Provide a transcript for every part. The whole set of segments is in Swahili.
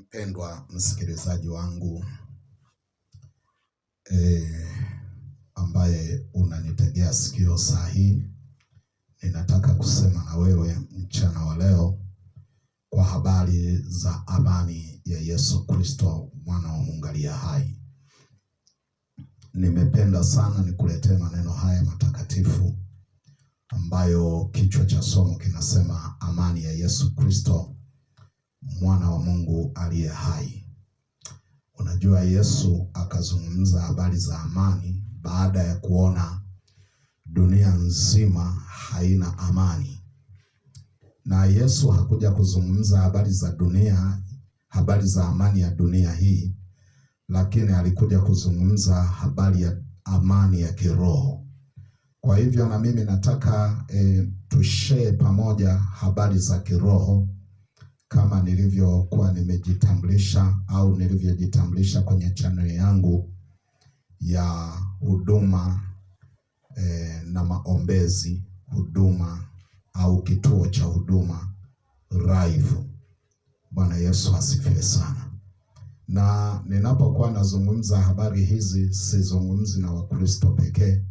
Mpendwa msikilizaji wangu e, ambaye unanitegea sikio saa hii, ninataka kusema na wewe mchana wa leo kwa habari za amani ya Yesu Kristo mwana wa Mungu aliye hai. Nimependa sana nikuletee maneno haya matakatifu ambayo kichwa cha somo kinasema amani ya Yesu Kristo mwana wa Mungu aliye hai. Unajua, Yesu akazungumza habari za amani baada ya kuona dunia nzima haina amani. Na Yesu hakuja kuzungumza habari za dunia, habari za amani ya dunia hii, lakini alikuja kuzungumza habari ya amani ya kiroho. Kwa hivyo na mimi nataka e, eh, tushee pamoja habari za kiroho kama nilivyokuwa nimejitambulisha au nilivyojitambulisha kwenye chaneli yangu ya huduma e, na maombezi huduma au kituo cha huduma Raifu. Bwana Yesu asifiwe sana. Na ninapokuwa nazungumza habari hizi, sizungumzi na Wakristo pekee,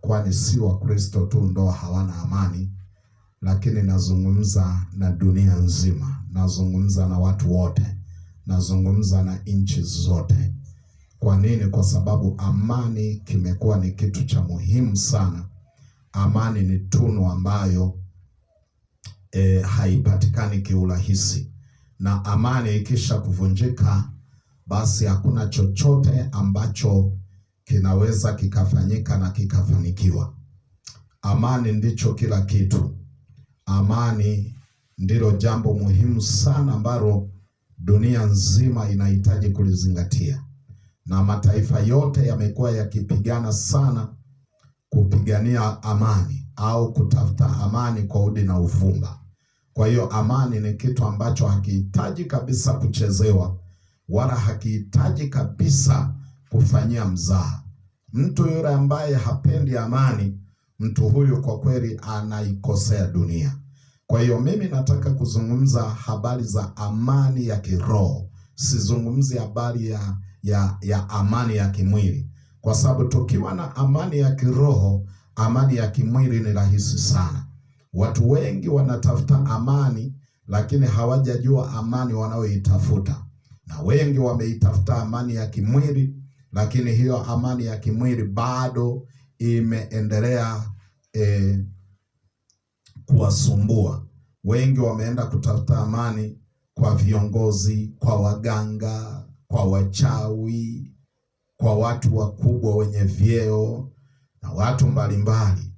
kwani si Wakristo tu ndo hawana amani lakini nazungumza na dunia nzima, nazungumza na watu wote, nazungumza na nchi zote. Kwa nini? Kwa sababu amani kimekuwa ni kitu cha muhimu sana. Amani ni tunu ambayo e, haipatikani kiurahisi, na amani ikisha kuvunjika, basi hakuna chochote ambacho kinaweza kikafanyika na kikafanikiwa. Amani ndicho kila kitu. Amani ndilo jambo muhimu sana ambalo dunia nzima inahitaji kulizingatia, na mataifa yote yamekuwa yakipigana sana kupigania amani au kutafuta amani kwa udi na uvumba. Kwa hiyo amani ni kitu ambacho hakihitaji kabisa kuchezewa wala hakihitaji kabisa kufanyia mzaha. Mtu yule ambaye hapendi amani, mtu huyu kwa kweli anaikosea dunia. Kwa hiyo mimi nataka kuzungumza habari za amani ya kiroho, sizungumzi habari ya, ya, ya amani ya kimwili, kwa sababu tukiwa na amani ya kiroho, amani ya kimwili ni rahisi sana. Watu wengi wanatafuta amani, lakini hawajajua amani wanayoitafuta, na wengi wameitafuta amani ya kimwili, lakini hiyo amani ya kimwili bado imeendelea eh, kuwasumbua. Wengi wameenda kutafuta amani kwa viongozi, kwa waganga, kwa wachawi, kwa watu wakubwa wenye vyeo na watu mbalimbali,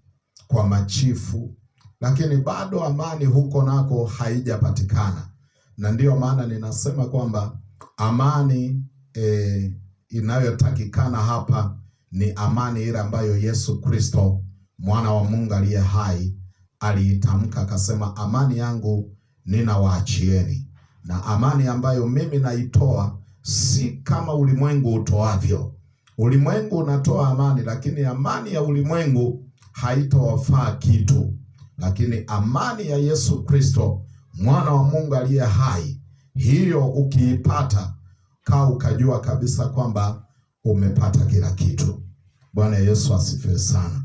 kwa machifu, lakini bado amani huko nako haijapatikana, na ndiyo maana ninasema kwamba amani e, inayotakikana hapa ni amani ile ambayo Yesu Kristo mwana wa Mungu aliye hai aliitamka akasema, amani yangu ninawaachieni, na amani ambayo mimi naitoa si kama ulimwengu utoavyo. Ulimwengu unatoa amani, lakini amani ya ulimwengu haitawafaa kitu, lakini amani ya Yesu Kristo mwana wa Mungu aliye hai, hiyo ukiipata, kaa ukajua kabisa kwamba umepata kila kitu. Bwana Yesu asifiwe sana.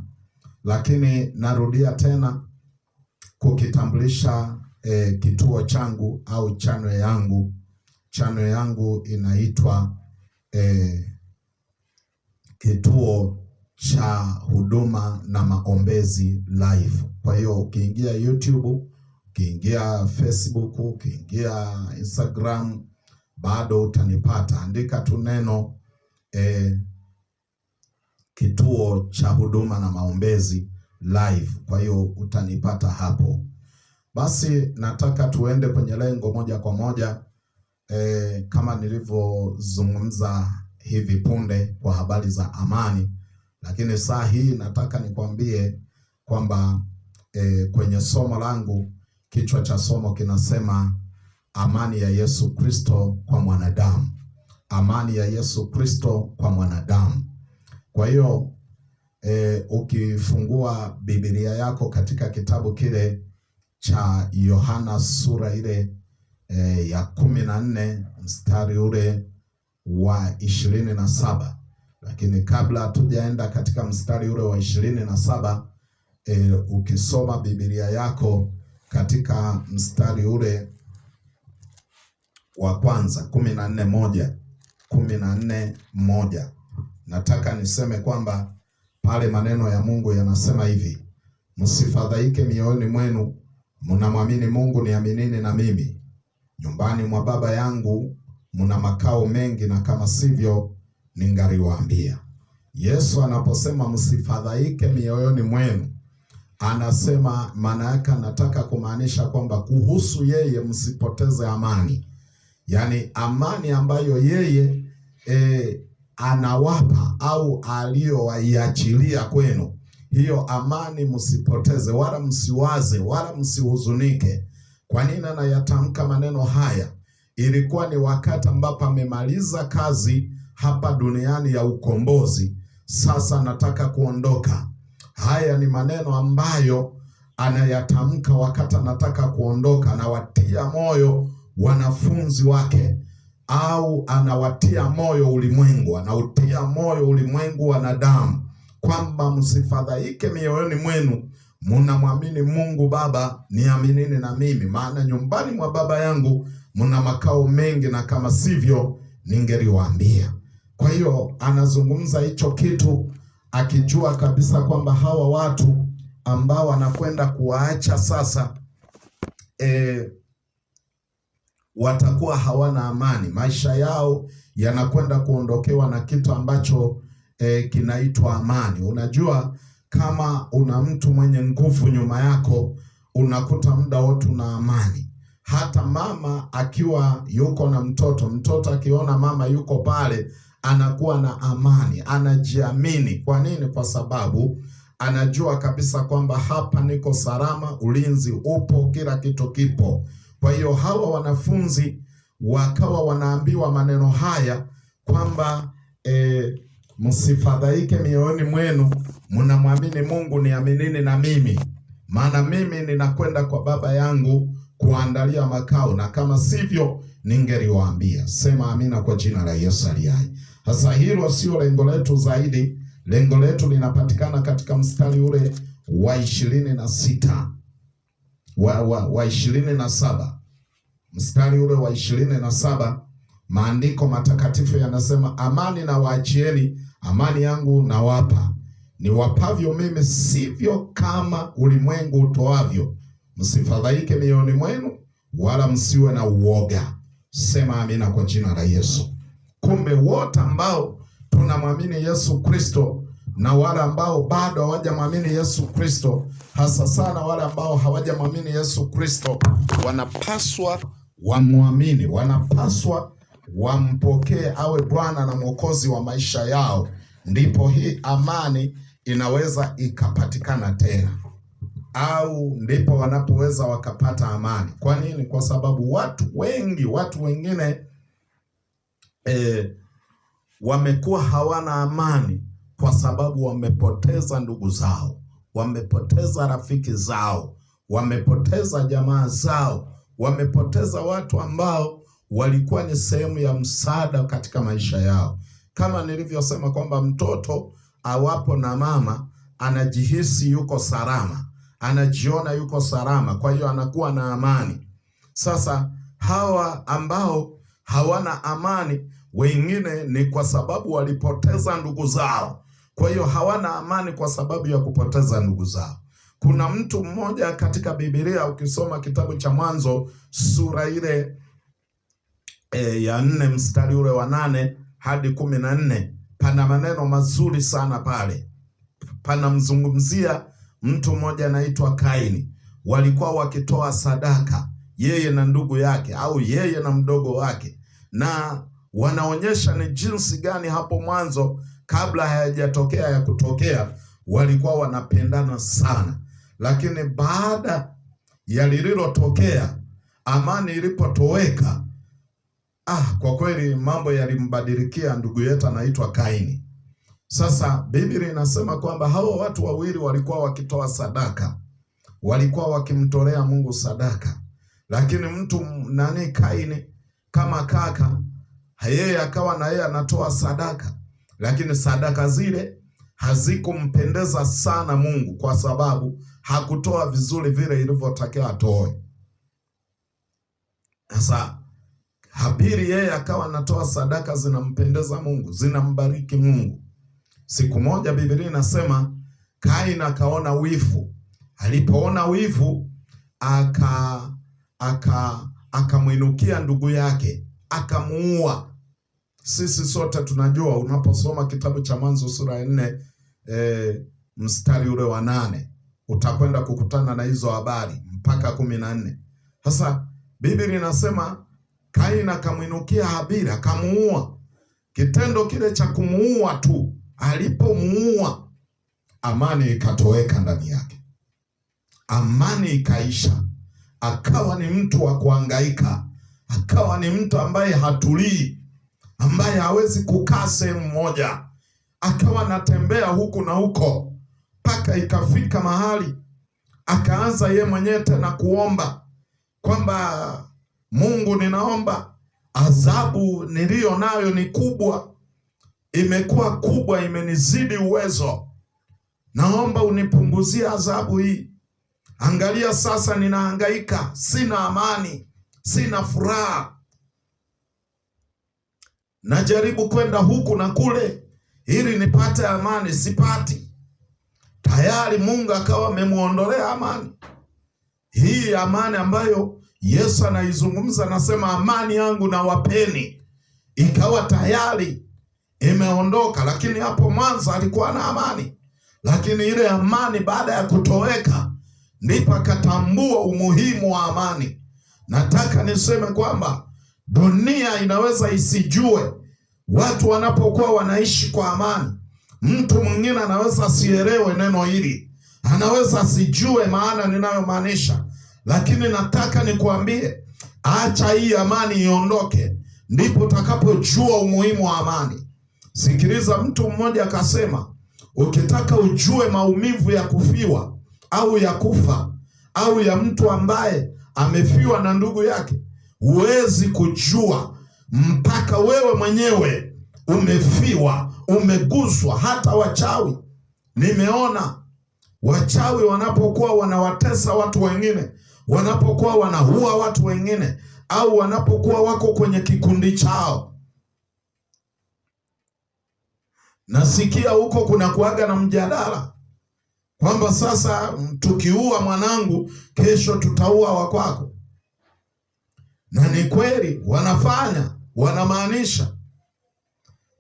Lakini narudia tena, kukitambulisha eh, kituo changu au chano yangu. Chano yangu inaitwa eh, kituo cha huduma na maombezi live. Kwa hiyo ukiingia YouTube, ukiingia Facebook, ukiingia Instagram bado utanipata, andika tu neno eh, kituo cha huduma na maombezi live. Kwa hiyo utanipata hapo. Basi nataka tuende kwenye lengo moja kwa moja e, kama nilivyozungumza hivi punde kwa habari za amani, lakini saa hii nataka nikwambie kwamba e, kwenye somo langu kichwa cha somo kinasema amani ya Yesu Kristo kwa mwanadamu, amani ya Yesu Kristo kwa mwanadamu. Kwa hiyo e, ukifungua Biblia yako katika kitabu kile cha Yohana sura ile e, ya kumi na nne mstari ule wa ishirini na saba lakini kabla hatujaenda katika mstari ule wa ishirini na saba e, ukisoma Biblia yako katika mstari ule wa kwanza kumi na nne moja kumi na nne moja nataka niseme kwamba pale maneno ya Mungu yanasema hivi, msifadhaike mioyoni mwenu, mnamwamini Mungu, niaminini na mimi. Nyumbani mwa Baba yangu mna makao mengi, na kama sivyo, ningaliwaambia. Yesu anaposema msifadhaike mioyoni mwenu, anasema maana yake, anataka kumaanisha kwamba kuhusu yeye msipoteze amani, yaani amani ambayo yeye e, anawapa au aliyowaiachilia kwenu hiyo amani, msipoteze wala msiwaze wala msihuzunike. Kwa nini anayatamka maneno haya? Ilikuwa ni wakati ambapo amemaliza kazi hapa duniani ya ukombozi, sasa anataka kuondoka. Haya ni maneno ambayo anayatamka wakati anataka kuondoka, anawatia moyo wanafunzi wake au anawatia moyo ulimwengu, anautia moyo ulimwengu wanadamu kwamba msifadhaike mioyoni mwenu, mnamwamini Mungu Baba, niaminini na mimi, maana nyumbani mwa Baba yangu mna makao mengi, na kama sivyo ningeliwaambia. Kwa hiyo anazungumza hicho kitu akijua kabisa kwamba hawa watu ambao anakwenda kuwaacha sasa e, watakuwa hawana amani, maisha yao yanakwenda kuondokewa na kitu ambacho eh, kinaitwa amani. Unajua, kama una mtu mwenye nguvu nyuma yako, unakuta muda wote una amani. Hata mama akiwa yuko na mtoto, mtoto akiona mama yuko pale, anakuwa na amani, anajiamini. Kwa nini? Kwa sababu anajua kabisa kwamba hapa niko salama, ulinzi upo, kila kitu kipo. Kwa hiyo hawa wanafunzi wakawa wanaambiwa maneno haya kwamba e, msifadhaike mioyoni mwenu, mnamwamini Mungu, niaminini na mimi, maana mimi ninakwenda kwa Baba yangu kuandalia makao, na kama sivyo ningeliwaambia. Sema amina kwa jina la Yesu aliye hasa. Sasa hilo sio lengo letu zaidi, lengo letu linapatikana katika mstari ule wa ishirini na sita wa, wa, wa ishirini na saba mstari ule wa ishirini na saba maandiko matakatifu yanasema, amani na waachieni, amani yangu nawapa, wapavyo mimi sivyo kama ulimwengu utoavyo, msifadhaike mioyoni mwenu, wala msiwe na uoga. Sema amina kwa jina la Yesu. Kumbe wote ambao tunamwamini Yesu Kristo na wale ambao bado hawajamwamini Yesu Kristo, hasa sana wale ambao hawajamwamini Yesu Kristo wanapaswa wamwamini, wanapaswa wampokee awe Bwana na Mwokozi wa maisha yao, ndipo hii amani inaweza ikapatikana tena, au ndipo wanapoweza wakapata amani. Kwa nini? Kwa sababu watu wengi, watu wengine eh, wamekuwa hawana amani kwa sababu wamepoteza ndugu zao, wamepoteza rafiki zao, wamepoteza jamaa zao, wamepoteza watu ambao walikuwa ni sehemu ya msaada katika maisha yao. Kama nilivyosema kwamba mtoto awapo na mama anajihisi yuko salama, anajiona yuko salama, kwa hiyo anakuwa na amani. Sasa hawa ambao hawana amani, wengine ni kwa sababu walipoteza ndugu zao, kwa hiyo hawana amani kwa sababu ya kupoteza ndugu zao. Kuna mtu mmoja katika Biblia, ukisoma kitabu cha Mwanzo sura ile e, ya nne mstari ule wa nane hadi kumi na nne pana maneno mazuri sana pale. Panamzungumzia mtu mmoja anaitwa Kaini, walikuwa wakitoa sadaka yeye na ndugu yake au yeye na mdogo wake, na wanaonyesha ni jinsi gani hapo mwanzo kabla hayajatokea ya kutokea, walikuwa wanapendana sana, lakini baada ya lililotokea, amani ilipotoweka, ah, kwa kweli mambo yalimbadilikia ndugu yetu anaitwa Kaini. Sasa Biblia inasema kwamba hao watu wawili walikuwa wakitoa sadaka, walikuwa wakimtolea Mungu sadaka, lakini mtu nani, Kaini kama kaka yeye akawa na yeye anatoa sadaka lakini sadaka zile hazikumpendeza sana Mungu kwa sababu hakutoa vizuri vile ilivyotakiwa atoe. Sasa Habiri yeye akawa anatoa sadaka zinampendeza Mungu, zinambariki Mungu. Siku moja Biblia inasema Kain akaona wivu. Alipoona wivu aka akamwinukia ndugu yake akamuua sisi sote tunajua unaposoma kitabu cha Mwanzo sura ya nne e, mstari ule wa nane utakwenda kukutana na hizo habari mpaka kumi na nne. Sasa Biblia inasema Kaini akamwinukia Habili akamuua. Kitendo kile cha kumuua tu, alipomuua amani ikatoweka ndani yake, amani ikaisha, akawa ni mtu wa kuangaika, akawa ni mtu ambaye hatulii ambaye hawezi kukaa sehemu moja, akawa anatembea huku na huko mpaka ikafika mahali akaanza ye mwenyewe tena kuomba kwamba Mungu, ninaomba adhabu niliyo nayo ni kubwa, imekuwa kubwa, imenizidi uwezo, naomba unipunguzie adhabu hii. Angalia sasa, ninahangaika, sina amani, sina furaha najaribu kwenda huku na kule ili nipate amani, sipati. Tayari Mungu akawa amemuondolea amani hii, amani ambayo Yesu anaizungumza, anasema amani yangu na wapeni, ikawa tayari imeondoka. Lakini hapo mwanzo alikuwa na amani, lakini ile amani baada ya kutoweka ndipo akatambua umuhimu wa amani. Nataka niseme kwamba Dunia inaweza isijue watu wanapokuwa wanaishi kwa amani. Mtu mwingine anaweza asielewe neno hili, anaweza asijue maana ninayomaanisha, lakini nataka nikuambie, acha hii amani iondoke, ndipo utakapojua umuhimu wa amani. Sikiliza, mtu mmoja akasema, ukitaka ujue maumivu ya kufiwa au ya kufa au ya mtu ambaye amefiwa na ndugu yake huwezi kujua mpaka wewe mwenyewe umefiwa, umeguswa. Hata wachawi nimeona wachawi wanapokuwa wanawatesa watu wengine, wanapokuwa wanaua watu wengine, au wanapokuwa wako kwenye kikundi chao. Nasikia huko kuna kuaga na mjadala kwamba sasa tukiua mwanangu, kesho tutaua wakwako na ni kweli wanafanya, wanamaanisha.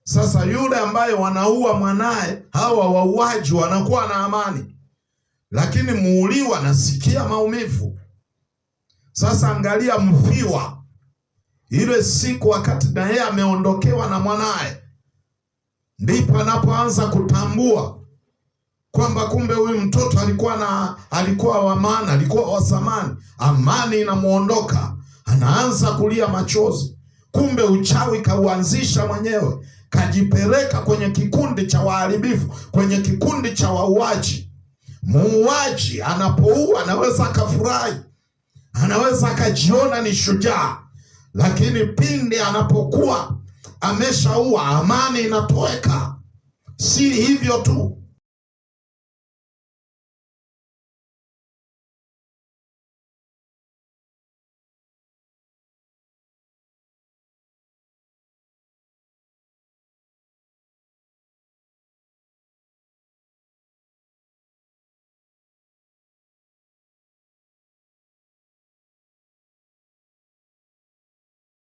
Sasa yule ambaye wanaua mwanaye, hawa wauaji wanakuwa na amani, lakini muuliwa nasikia maumivu. Sasa angalia mfiwa ile siku, wakati na yeye ameondokewa na mwanaye, ndipo anapoanza kutambua kwamba kumbe huyu mtoto alikuwa na alikuwa wa maana, alikuwa wa thamani. Amani inamuondoka anaanza kulia machozi. Kumbe uchawi kauanzisha mwenyewe, kajipeleka kwenye kikundi cha waharibifu, kwenye kikundi cha wauaji. Muuaji anapoua anaweza akafurahi, anaweza akajiona ni shujaa, lakini pindi anapokuwa ameshaua, amani inatoweka. Si hivyo tu,